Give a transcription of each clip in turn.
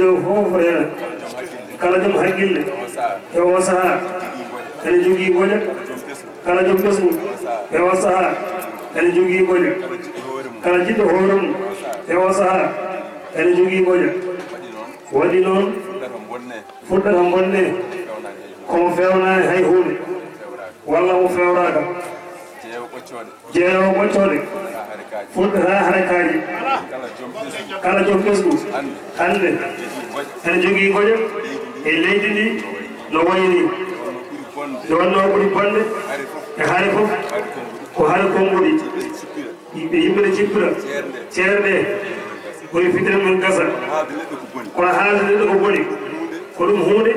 tew fof reena kala jom haqqille e o sahaa ene jogii gole kala jom ɓesgu e o sahaa ene jogii gole kala jiɗɗo hoore mum e o sahaa ene jogii gole waɗi noon fuɗɗata bonnee komo feewnaani hay huunde walla o feewraaka jeerowo ɓoccooɗe fuɗɗataa harakaaji kala jom ɓesgu hannde ene jogii goƴo e leydi ndi no wayi ni nde wannoo ɓuri bonɗe e hare fof ko hare konɓuɗi yimɓe yimɓe ne cippira ceere ɗe koye fitere men gasa kono haalde ɗe ko boni ko ɗum huunde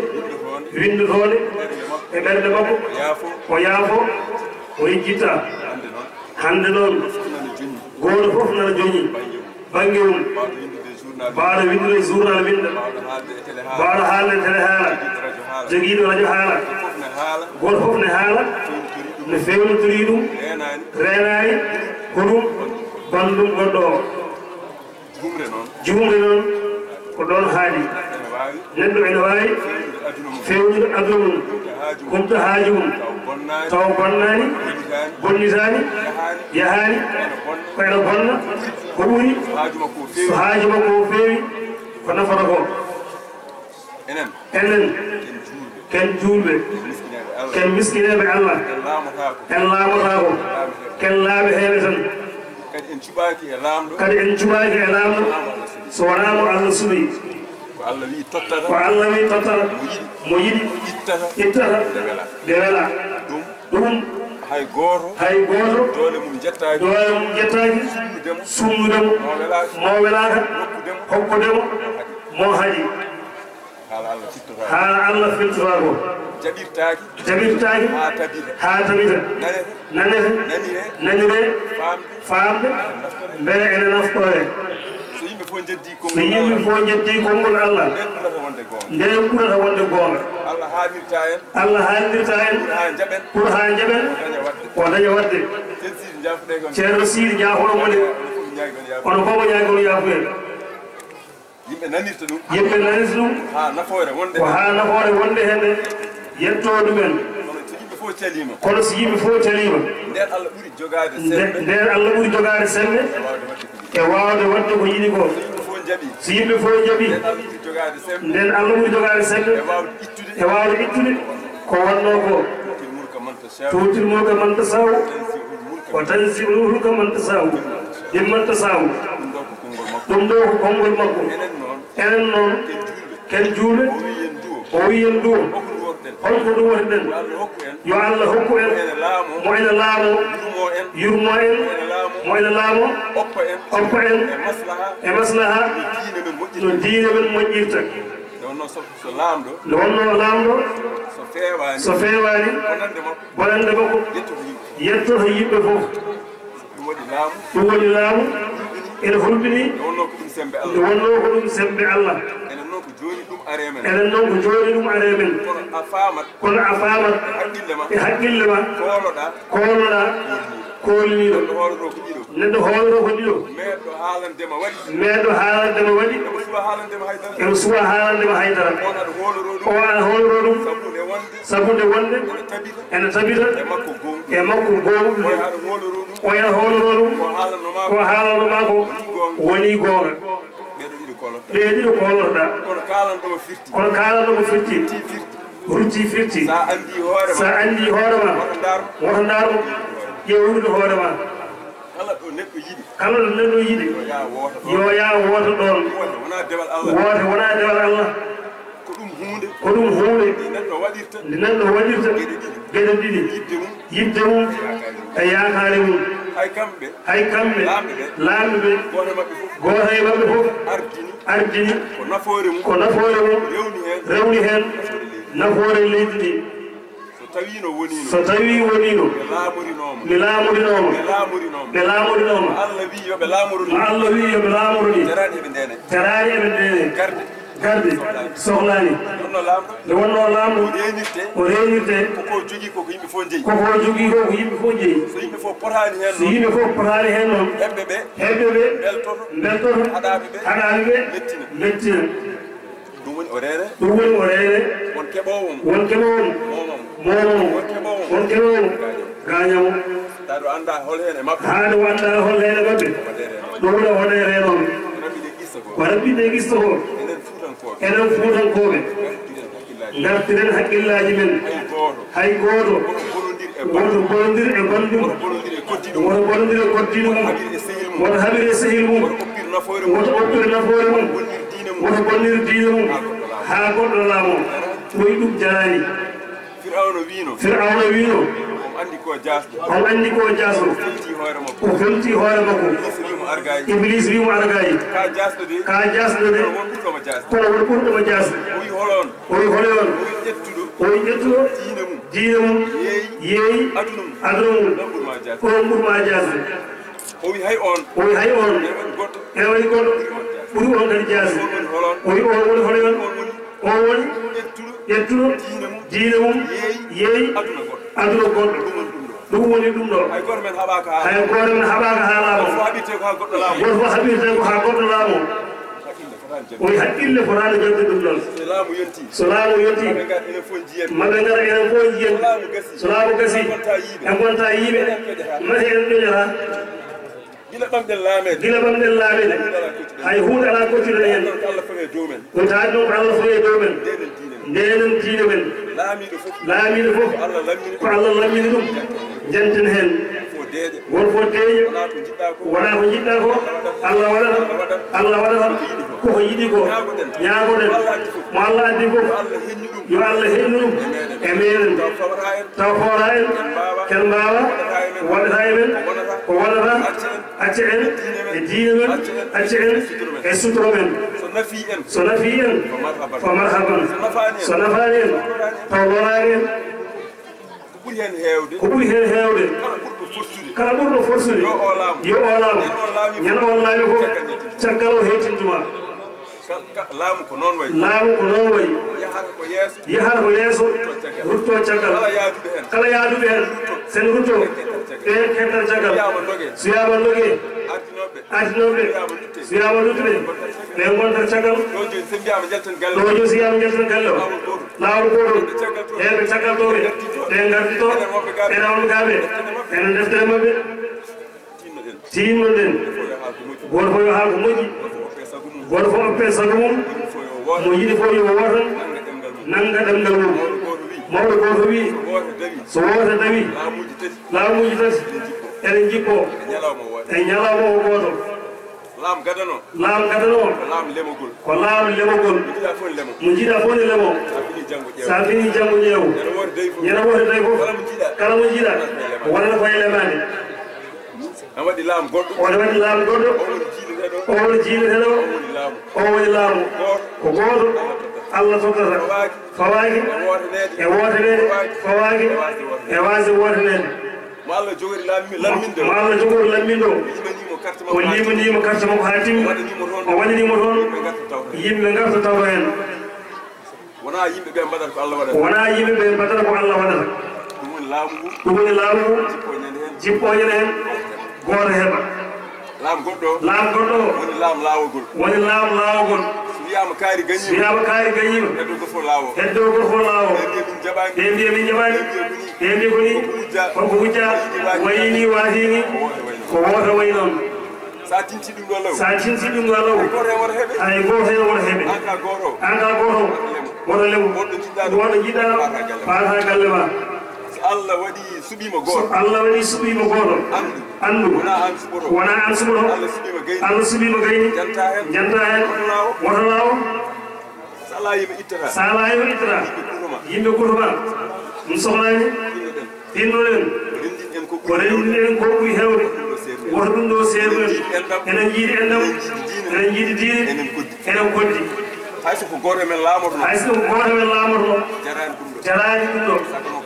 winndotoode e ɓernde makko o yaafo o yejjittaa hande noon gooto fof nana joñi bange mum baaɗo windude journal winɗa baaɗo haalne tele haala jogiiɗo radio haala gooto fof ne haala ne fewnotori ɗum renani ko ɗum banndum goɗɗo o jumre noon ko ɗon haali neɗɗo ene waawi fewnude aduna mum humta haaji mum taw bonnaani bonnitaani yahaani ko ene bonna ko ɓuri so haaji makko o feewi ko nafata koo enen ken juulɓe ken miskineeɓe allah en laamotaako ken laaɓe heeɓe tan kadi en cuɓaaki e laamɗo سوالا على سوي وعلى مي تطر مي تطر دلالا دوم هاي غورو هاي غورو دوم جتاي سوم دوم موالا هوب دوم مو هاي ها الله في الترابو جبير تاج ها تبير ننه ننه فام بلا انا نفطه mi ñami fo jetti konngol allah nde ɓurata wonde goonga allah haalirta en pour haa jaɓen o daña waɗde ceerno sir jaafono mone ono fofo ñaagol yaafuhen yimɓe nanirta ɗum ko haa nafoore wonde heene yettoo ɗumen kono so yimɓe fof caliima nden allah ɓuri jogaade sembe e wawde wadde ko yiɗi ko so yimɓe fof jaɓi nden allah ɓuri jogaade sembe e wawde ittude ko wonno ko tuutir mulka man tasaw o tansi mulka man tasaw ɗimman tasaw ɗum ɗo ko konngol makko enen noon ken juuɓe o wiyen duwo holko ɗum woni ɗen yo allah hokku en mo ina laamo yurmo en mo ina laamo hokko en e maslaha no diine men moƴƴirta nde wonno laamɗo so feewaani bonande makko yettoto yimɓe fof ɗum woni laamu ene hulɓini nde wonno ko ɗum sembe allah eɗen noon ko jooɗi ɗum are men kono a faamat e haqqille ma e koonoɗa kooliniɗo neɗɗo hooloro ko ɗiɗo meeɗo haalandema waɗi eo suwa haalandema haydara o aɗa hooloro ɗum sabude wonde ene tabita e makko gooɓuɗu e oyaa hooloro ɗum ko haalanoma ko woni gooɓe ɓeeni ɗo koolotoɗa kono kaalanɗo mo firti rutti firti sa anndi hoorema woto ndaarmo ƴewrude hoorema kala ɗo neɗɗo yiɗi yo yaa woto ɗon woote wona dewal allah ko ɗum huunde nde neɗɗo waɗirta geɗe ɗiɗi yiɗde mum e yaakaare mum hay kamɓe laamɓe ɓe gootoe maɓɓe fof e ardini ko nafoore mum rewni heen nafoore leydi ndi so tawii woniino mi laamurinooma ɓe laamurinooma mo allah wii yo ɓe laamuru ɗi teraani eɓe ndeene garde sohlani nde wonno lamɗu o renirte koko jogui ko ko yimɓe foof jeeyi so yimɓe foof potani hen noon heɓɓe ɓe beltoto haɗaɓe ɓe mettina ɗum woni o rere won keɓowom momom won keɓowom gañamo hande wanɗa hol hene mabɓe ɗo woni o hone renoɓe ko rabɓiɗe guisto ko enen fuutankoɓe dartiren haqqillaji men hay gooto woto bolodir e bandum woto bolodir e, e koddino e e mum woto habire sehil mum woto oppir nafoore mum woto bolnir diine mum haa goɗɗo laamo koye ɗum jarani firawno wiino on anndi ko jaaso o felti hoore makko iblis wimo argayi ka jasɗode kono won ɓurɗoma jasde owi hole on owi ƴettuɗo diine mum yeeyi aduna mum on ɓurma jasde owi hay on ewani goɗɗo ɓuri on kadi jasde owi on woni hole on on woni ƴettuɗo diine mum yeeyi aduna goɗɗo ɗum woni ɗum ɗo hay goto men haɓaka haalama goto fo haɓirte ko ha goɗɗo laamo oyi haqqille fotaani jogde ɗum ɗon so laamu yonti maɓe ngara enen fof jiyen so laamu gasi e gonta yiiɓe mati en ɗoñata gila ɓamɗen laamede gila ɓamɗen laamede hay huunde ala koccuɗen hen ko taani ɗon ko allah fawe dow men ndenen diine men لامي لفوف فعل الله من دم جنتن هن ورفو تيجي ولا فجدا كو الله ولا الله ولا كو يدي كو يا بودن ما الله يدي كو يا الله هنو امير تفورايل كن بابا ولا هايمن ولا هايمن اجعل اجعل اجعل اجعل so nafi en fa marhaban so nafani en fa wonani en ko ɓuri hen hewde kala ɓurɗo forsude yo olama ñana on laami fof caggal o hetintuma laamu ko noon way laamu ko noon way yahata ko yeeso rutto caggal kala yaaduɓe heen sen rutto e heddar caggal suyaama ndogee artinoɓe suyaama luttuɓe ɓe gontar caggal ɗo jo si yiyama jeltan galle o laawol gooto heɓe caggal ɗoɓe ɓe gardito ɓe rawn gaaɓe ene deftere maɓɓe tiimno ɗen goto fo yo haa ko moƴƴi goto fof peesata mum mo yiɗi fof yo woota nanga ɗam ngal mum mawɗo goto wi so woota dawi laamuji tati eɗen jikko e ñalawma o gooto laam gadano o ko laam lemogol mo jiɗa fof ne lemo sa fini janngo ƴeewu ñana woota dawi fof kala mo jiɗa o waɗata koye lemaade oɗa waɗi laam goɗɗo o wona jiilatene o o woni laamu ko gooto allah tokkata fawaaki e wootenede fawaaki e waasi wootenede ma allah jogori lamminɗo o limanima carte makko haa timmi o waɗanima toon yimɓe garta tawto hen wona yimɓe ɓe mbaddata ko allah waɗata ɗum woni laamu ngu jippoñene hen e goto heɓa lam goddo lam goddo woni laam laawogol woni laam laawogol wiyama kaari gañi wiyama kaari gañi heddo ko fo lawo heddo ko fo lawo ɓe mbiya min jaɓani ɓe mbi ko ni ko wujja wayini wahini ko woto waynon noon sa tinti ɗum ɗo law sa tinti ɗum ɗo law ay go hen wor hebe woto goro an goro wor lew wor woto wor wonɗo jiɗɗa ha galle ba allah waɗi suɓima gooto allah waɗi suɓima gooto anduwona an suɓoro allah suɓima gayni janta hen woto laawo salayima ittata yimɓe kutoma ɗum sohlani pinnoɗen ko renndinen goɓɓuy hewde woto ɗum ɗo seeɗumen enen jiiɗi endam enen jiiɗi diine enen koddi hayso ko gooto e men laamotono hayso ko gooto e men laamotono jarani ɗum ɗo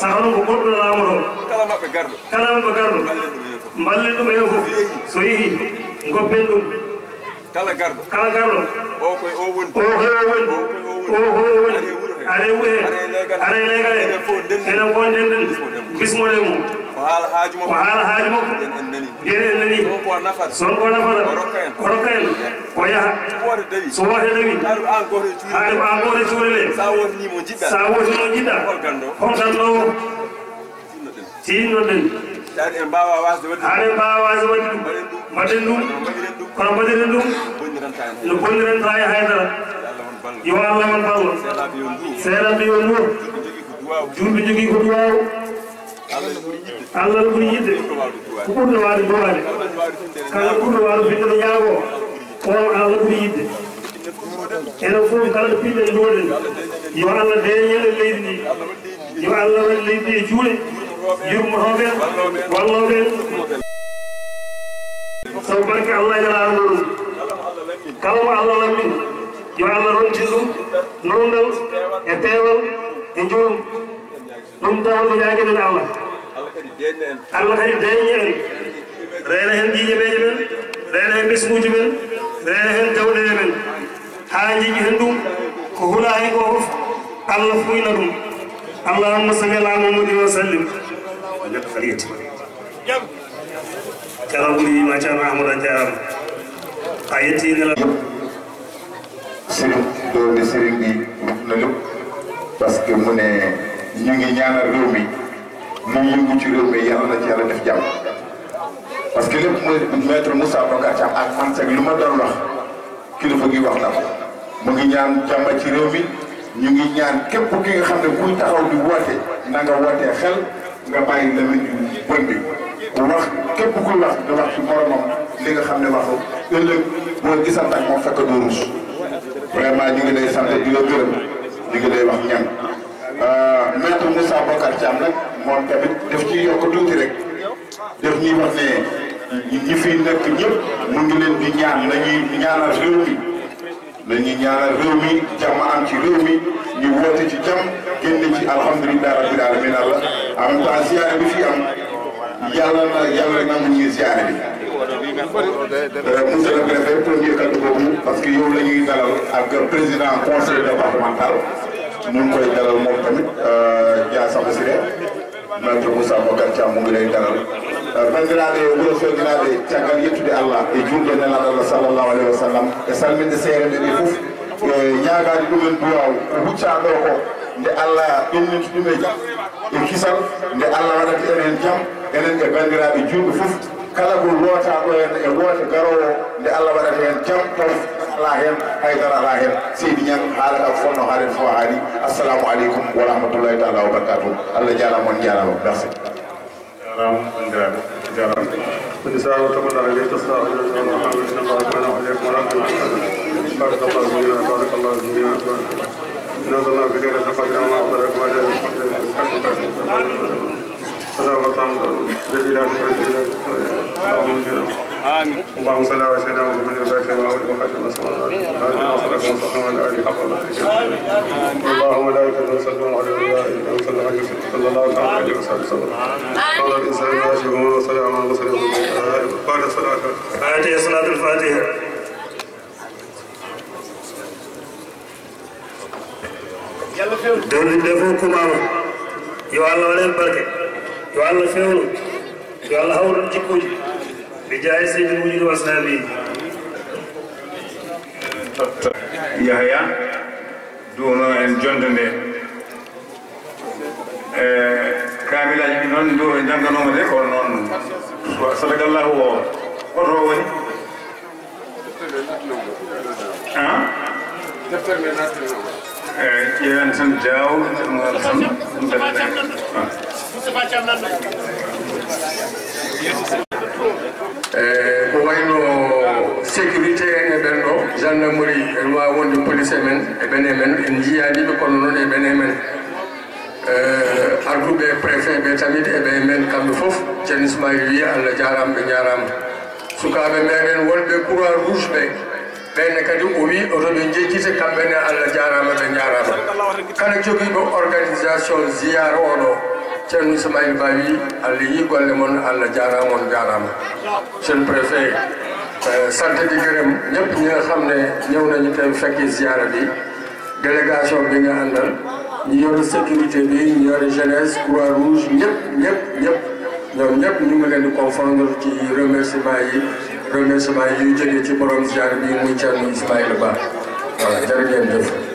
sahanu ko goɗɗo laamoro kala ɓe garɗo mballi ɗum e fof so yehi goppen ɗum kala garɗo kala garɗo ohowoni oho woni are wuhe are legal e ene gonɗen ɗen bismoɗe mum ko haala haaju makko ko haala haaju makko yen en nani yen en nani sonko nafata sonko nafata ko rokka en ko rokka en ko yaha woore dawi so woore dawi haaru an goto e cuuri haaru an goto e cuuri le sa wotinimo jiɗɗa allah ɗum yidde ko ɓurɗo waade bowaade kala ɓurɗo waade fitnde ñaago on allah ɗum yidde enen kala ɗo pinɗe yo allah deeñere leydi yo allah waɗi leydi ndi e juuɗe barke allah e nelaano ɗum kala allah lammi yo allah rontin ɗum nowdal e peewal e joom ɗum allah Allah kadi dañi en hen jiiƴe meɗe men reena hen ɓesguji men reena hen jawɗele men haa jiiƴi hen ɗum ko hula hen allah fuyna ɗum allahumma salli ala mamadin wa sallim neɗɗo kadi yetti jaram ɓuri ahmad a jarama a yettinela sirif ɗowde sirif ɗi no lup par ce que mune ñu muy yëngu ci réew mi yàlla na ci yàlla def jàmm parce que lépp mooy maître Moussa Bakar Thiam ak man sag lu ma doon wax kilifa gi wax na ko mu ngi ñaan jàmm ci réew mi ñu ngi ñaan képp ki nga xam ne kuy taxaw di woote na nga wootee xel nga bàyyi la nit ñu bi wax képp kuy wax di wax ci moromam li nga xam ne waxu ëllëg boo gisant ak moom fekk doo ruus vraiment ñu ngi lay sant di la gërëm ñu ngi lay wax maître Moussa Bakar Thiam nag moom tamit def ci yokk tuuti rek daf ñuy wax ne ñi fi nekk ñëpp mu ngi leen di ñaan nañuy ñaanal réew mi nañuy ñaanal réew mi jàmm am ci réew mi ñu woote ci jàmm génn ci alhamdulilah rabbil alamin la am même temps ziare bi fi am yàlla na yàlla rek nangu ñuy ziare bi. Euh, monsieur le préfet premier kaddu boobu parce que la ñuy dalal ak président conseil départemental ñu ngi koy dalal moom tamit euh, Dia Samba Siré. maitre moussa bocar cam mumbiɗe daral bandiraɓe wuuro soñiraɓe caggal yettude allah e julde nelan allah sallllahu alayhi wa sallam e salminde seerede ɓe fof e ñagade ɗumen duwaw ko hucca ɗo ko nde allah ɗonnintu ɗum e jam e kisal nde allah waɗata enen jam enen e bandiraɓe julɓe fof kala ko loota ɗo hen e woote garowo nde allah waɗata hen jam tof ala hen haydara ala seydi ñang haala ak fonno haalen fo haali assalamu aleykum wa rahmatullahi taala wa barakatuh allah jarama on jarama merci jarama bandiraɓe jarama kodi sawo tamadara le tasaaa muhammad sallallahu aleykum wa rahmatullahi barakallahu fina barakallahu fina نزلنا بخير تقدم أفضل آمين اللهم صل على سيدنا محمد وبارك على محمد وخاتم الصلاة آمين اللهم لا يكن وسلم على الله صلى الله عليه وسلم قال الإنسان ما يشبهون وصلى على المصلي قال صلاة فاتحة صلاة الفاتحة دون دفوكم أمر يو الله ولين بركة يو الله فيهم يو الله هو رجيكم Eh, bi jaay sayyidil wujudi wa asnaabi yahya duwono en jonde nde kamilaji ɗi noon ɗo e jangganoma de kono noon sadakallahu o oto woni deftere nde nattinoma eyi ƴeewen tan jaw ɗum tan ɗum deftere muri en wawi wonde police men e ɓene men en jiyaniɓe kono noon e ɓene men eh, arduɓe préfet ɓe tamide eɓe men kamɓe fof ceerno ismail wi allah jarama de jarama be meɗen wonɓe courant rouge ɓe ɓenne kadi o wi otoɓe jejjita kamɓene allah jarama ɓe jarama kala joguiɓe organisation ziyara oɗo ceerno ismail ba allah yi golle moon allah jarama on jarama monsieur préfet Euh, sant di gërëm ñëpp ñi nga xam ne ñëw nañu tey fekki ziara bi délégation bi nga àndal ñu yore sécurité bi ñu yore jeunesse croix rouge ñëpp ñëpp ñëpp ñoom ñëpp ñu ngi leen di confondre ci remerciement yi remerciement yi yuy jógee ci borom ziara bi muy Thierno Ismaïla Ba voilà jërë ngeen jëf